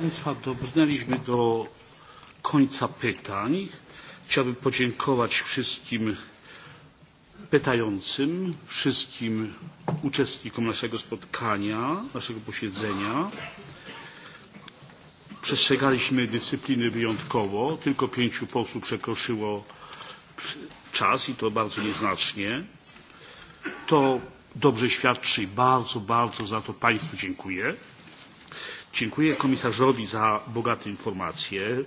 Państwa, dobrnęliśmy do końca pytań. Chciałbym podziękować wszystkim pytającym, wszystkim uczestnikom naszego spotkania, naszego posiedzenia. Przestrzegaliśmy dyscypliny wyjątkowo. Tylko pięciu posłów przekroczyło czas i to bardzo nieznacznie. To dobrze świadczy i bardzo, bardzo za to Państwu dziękuję. Dziękuję komisarzowi za bogate informacje,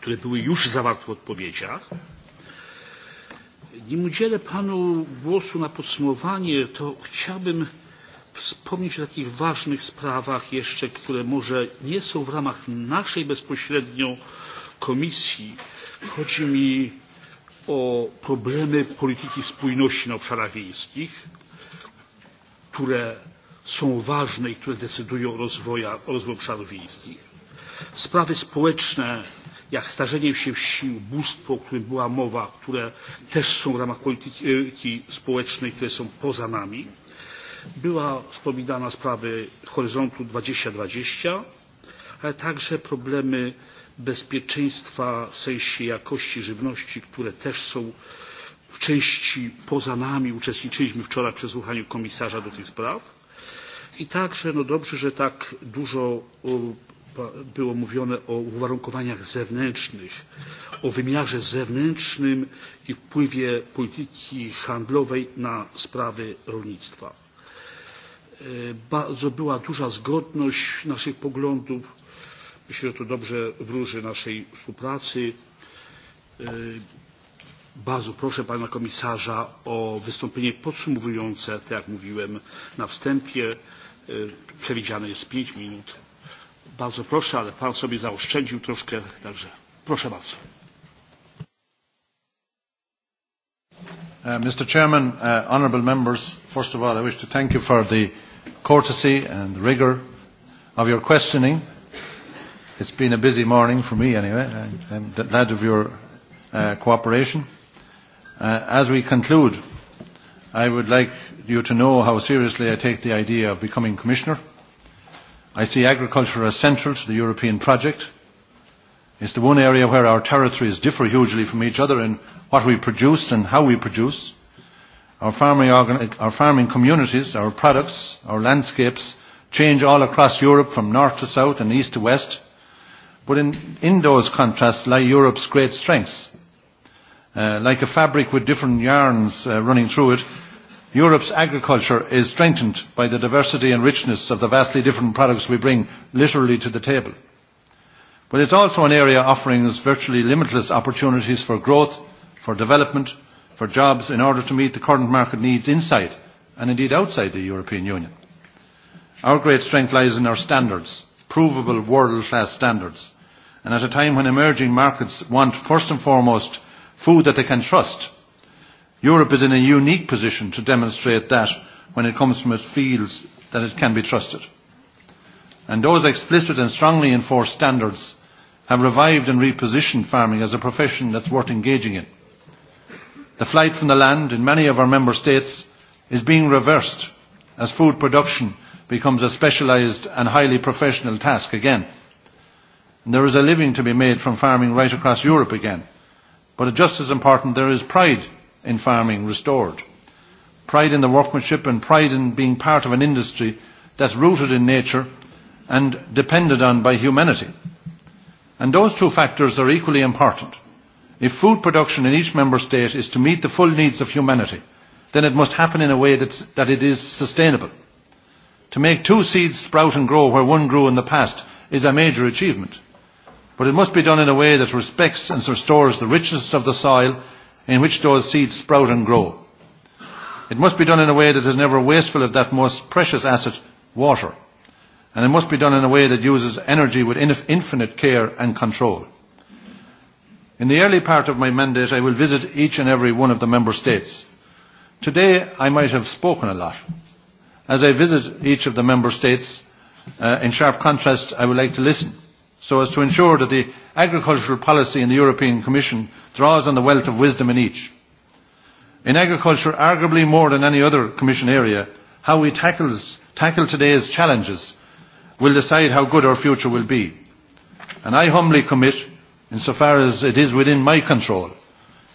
które były już zawarte w odpowiedziach. Nim udzielę panu głosu na podsumowanie, to chciałbym wspomnieć o takich ważnych sprawach jeszcze, które może nie są w ramach naszej bezpośrednio komisji. Chodzi mi o problemy polityki spójności na obszarach wiejskich, które są ważne i które decydują o, o rozwoju obszarów wiejskich. Sprawy społeczne, jak starzenie się sił, bóstwo, o którym była mowa, które też są w ramach polityki społecznej, które są poza nami. Była wspominana sprawy horyzontu 2020, ale także problemy bezpieczeństwa w sensie jakości żywności, które też są w części poza nami. Uczestniczyliśmy wczoraj przy słuchaniu komisarza do tych spraw I także, no dobrze, że tak dużo było mówione o uwarunkowaniach zewnętrznych, o wymiarze zewnętrznym i wpływie polityki handlowej na sprawy rolnictwa. E, bardzo była duża zgodność naszych poglądów. Myślę, że to dobrze wróży naszej współpracy. E, bardzo proszę pana komisarza o wystąpienie podsumowujące, tak jak mówiłem na wstępie E, przewidziane jest 5 minut. Bardzo proszę, ale Pan sobie zaoszczędził troszkę, także proszę bardzo. Uh, Mr. Chairman, uh, honourable members, first of all, I wish to thank you for the courtesy and the rigor of your questioning. It's been a busy morning for me anyway. And I'm glad of your uh, cooperation. Uh, as we conclude, I would like you to know how seriously I take the idea of becoming Commissioner. I see agriculture as central to the European project. It's the one area where our territories differ hugely from each other in what we produce and how we produce. Our farming, our farming communities, our products, our landscapes change all across Europe from north to south and east to west. But in, in those contrasts lie Europe's great strengths. Uh, like a fabric with different yarns uh, running through it, Europe's agriculture is strengthened by the diversity and richness of the vastly different products we bring literally to the table. But it's also an area offering us virtually limitless opportunities for growth, for development, for jobs in order to meet the current market needs inside and indeed outside the European Union. Our great strength lies in our standards, provable world-class standards, and at a time when emerging markets want first and foremost food that they can trust Europe is in a unique position to demonstrate that when it comes from its fields that it can be trusted. And those explicit and strongly enforced standards have revived and repositioned farming as a profession that's worth engaging in. The flight from the land in many of our member states is being reversed as food production becomes a specialised and highly professional task again. And there is a living to be made from farming right across Europe again. But just as important, there is pride in farming restored. Pride in the workmanship and pride in being part of an industry that's rooted in nature and depended on by humanity. And those two factors are equally important. If food production in each member state is to meet the full needs of humanity, then it must happen in a way that's, that it is sustainable. To make two seeds sprout and grow where one grew in the past is a major achievement. But it must be done in a way that respects and restores the richness of the soil in which those seeds sprout and grow. It must be done in a way that is never wasteful of that most precious asset, water. And it must be done in a way that uses energy with infinite care and control. In the early part of my mandate, I will visit each and every one of the member states. Today, I might have spoken a lot. As I visit each of the member states, uh, in sharp contrast, I would like to listen so as to ensure that the agricultural policy in the European Commission draws on the wealth of wisdom in each. In agriculture, arguably more than any other Commission area, how we tackles, tackle today's challenges will decide how good our future will be. And I humbly commit, insofar as it is within my control,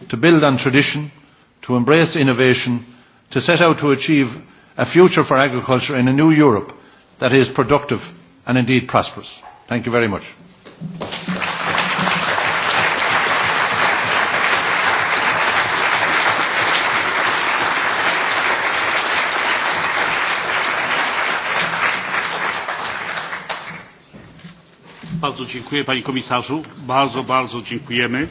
to build on tradition, to embrace innovation, to set out to achieve a future for agriculture in a new Europe that is productive and indeed prosperous. Thank you very much. Bardzo dziękuję Panie Komisarzu. Bardzo, bardzo dziękujemy.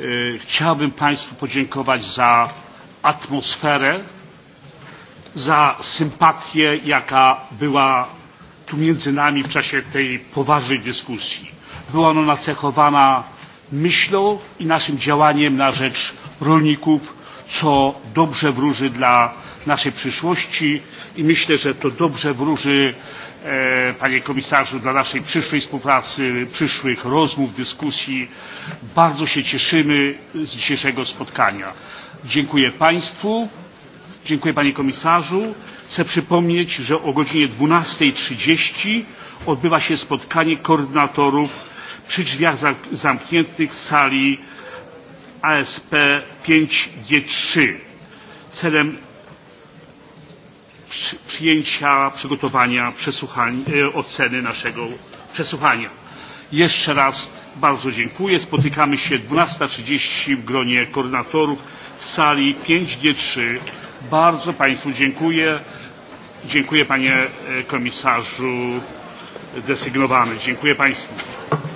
E, chciałbym Państwu podziękować za atmosferę, za sympatię, jaka była tu między nami w czasie tej poważnej dyskusji. Była ona nacechowana myślą i naszym działaniem na rzecz rolników, co dobrze wróży dla naszej przyszłości i myślę, że to dobrze wróży, e, panie komisarzu, dla naszej przyszłej współpracy, przyszłych rozmów, dyskusji. Bardzo się cieszymy z dzisiejszego spotkania. Dziękuję Państwu. Dziękuję panie komisarzu. Chcę przypomnieć, że o godzinie 12.30 odbywa się spotkanie koordynatorów przy drzwiach zamkniętych w sali ASP 5G3 celem przyjęcia, przygotowania e, oceny naszego przesłuchania. Jeszcze raz bardzo dziękuję. Spotykamy się 12.30 w gronie koordynatorów w sali 5G3. Bardzo Państwu dziękuję. Dziękuję Panie e, Komisarzu desygnowany. Dziękuję Państwu.